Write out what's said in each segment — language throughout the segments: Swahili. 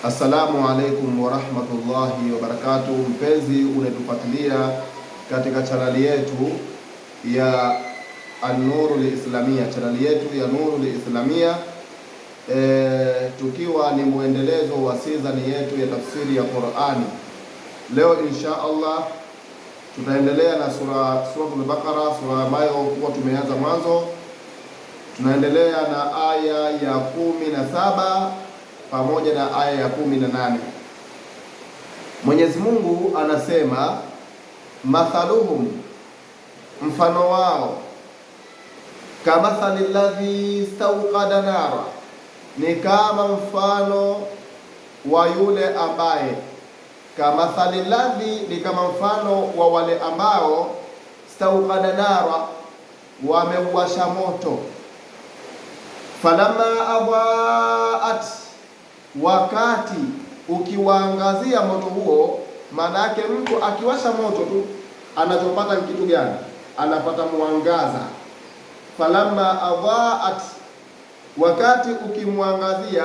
Assalamu alaikum warahmatullahi wabarakatuh. Mpenzi unayetufuatilia katika chaneli yetu ya An-Nurul Islamia, chaneli yetu ya Nurul Islamia e, tukiwa ni mwendelezo wa season yetu ya tafsiri ya Qur'ani. Leo insha Allah tutaendelea na sura Suratul Baqara, sura ambayo kuwa tumeanza mwanzo, tunaendelea na aya ya kumi na saba pamoja na aya ya kumi na nane Mwenyezi Mungu anasema mathaluhum, mfano wao, kamathali ladhi stauqada nara, ni kama mfano wa yule ambaye, kamathali ladhi ni kama mfano wa wale ambao stauqada nara, wameuwasha moto, falamma adhaat wakati ukiwaangazia moto huo, maana yake mtu akiwasha moto tu anachopata ni kitu gani? Anapata mwangaza. Falamma adhaat, wakati ukimwangazia,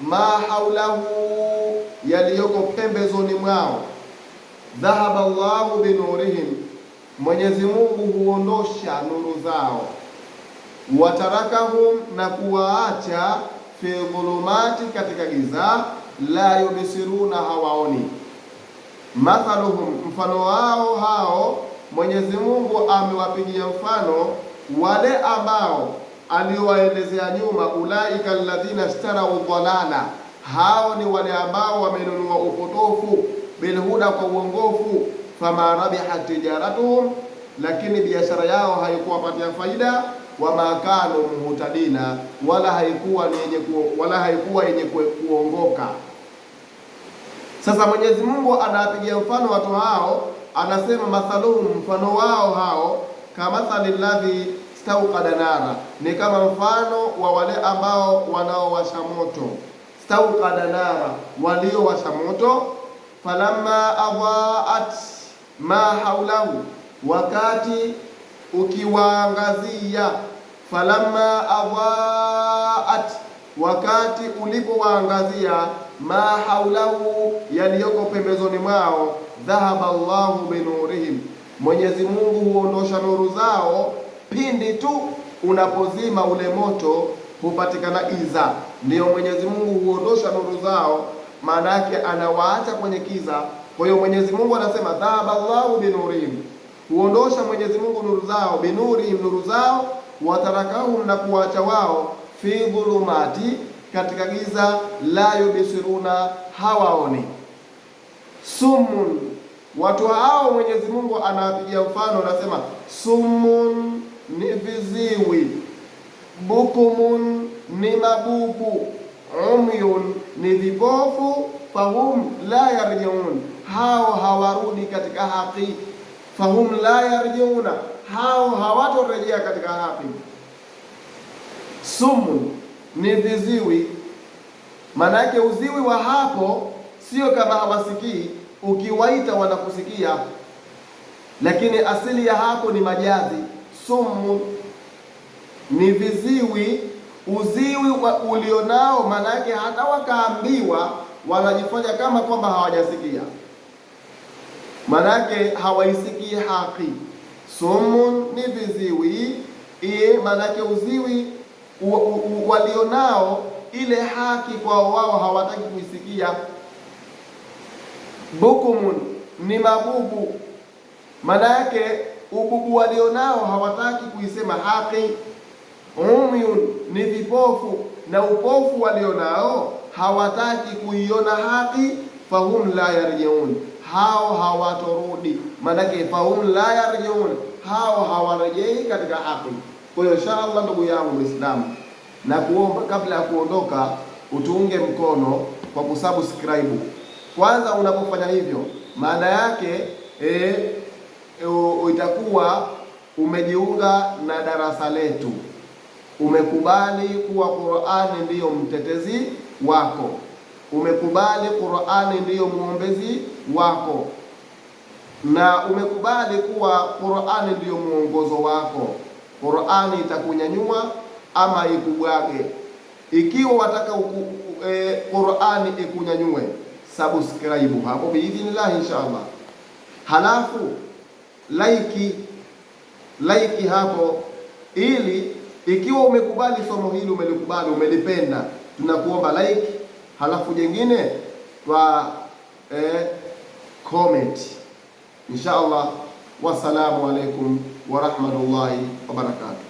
ma haulahu, yaliyoko pembezoni mwao, dhahaba Allahu binurihim, Mwenyezi Mungu huondosha nuru zao, watarakahum, na kuwaacha fi dhulumati, katika giza, la yubsiruna, hawaoni. Mathaluhum, mfano wao hao Mwenyezi Mungu amewapigia mfano wale ambao aliowaelezea nyuma, ulaika alladhina ishtarau dhalala, hao ni wale ambao wamenunua upotofu bilhuda, kwa uongofu. Fama rabihat tijaratuhum, lakini biashara yao haikuwapatia faida wamakano muhutadina, wala haikuwa ni yenye ku, wala haikuwa yenye kuongoka. Sasa Mwenyezi Mungu anawapigia mfano watu hao, anasema mathaluhum, mfano wao hao, kamathali ladhi stauqada nara, ni kama mfano wa wale ambao wanaowasha moto. Stauqada nara, waliowasha moto. Falamma adhaat ma haulahu, wakati ukiwaangazia. Falamma adhaat, wakati ulipowaangazia. Ma haulahu, yaliyoko pembezoni mwao. Dhahaba Allahu binurihim, Mwenyezi Mungu huondosha nuru zao pindi tu unapozima ule moto hupatikana iza. Ndiyo, Mwenyezi Mungu huondosha nuru zao, maana yake anawaacha kwenye kiza. Kwa hiyo Mwenyezi Mungu anasema dhahaba Allahu binurihim huondosha Mwenyezi Mungu nuru zao, binuri nuru zao, watarakahum na kuwacha wao, fi dhulumati, katika giza la yubisiruna, hawaoni. Summun, watu hao Mwenyezi Mungu anawapigia mfano, anasema summun ni viziwi, bukumun ni mabubu, umyun ni vipofu, fahum la yarjiun, hao hawarudi katika haki fahum la yarjiuna, hao hawatorejea katika hapi. Sumu ni viziwi, yake uziwi wa hapo sio kama hawasikii, ukiwaita wanakusikia, lakini asili ya hapo ni majazi. Sumu ni viziwi, uziwi ulionao, yake hata wakaambiwa wanajifanya kama kwamba hawajasikia. Manake hawaisikii haki. Sumun ni viziwi, iye manake uziwi walionao ile haki kwao wao hawataki kuisikia. Bukumun ni mabubu, maana yake ububu walionao hawataki kuisema haki. Umyun ni vipofu, na upofu walionao hawataki kuiona haki fahum la yarjiun, hao hawatorudi. Maanake fahum la yarjiun, hao hawarejei katika haki. Kwa hiyo insha Allah, ndugu yangu Muislamu, na kuomba kabla ya kuondoka utuunge mkono kwa kusubscribe kwanza. Unapofanya hivyo, maana yake e, e, itakuwa umejiunga na darasa letu, umekubali kuwa Qur'ani ndiyo mtetezi wako umekubali Qur'ani ndiyo muombezi wako na umekubali kuwa Qur'ani ndiyo mwongozo wako. Qur'ani itakunyanyua ama ikubwage. Ikiwa wataka e, Qur'ani ikunyanyue, subscribe hapo biidhnillah, inshaallah. Halafu like like hapo, ili ikiwa umekubali somo hili, umelikubali, umelipenda, tunakuomba like halafu jengine twa eh, comment insha Allah. Wassalamu alaikum warahmatullahi wabarakatuh.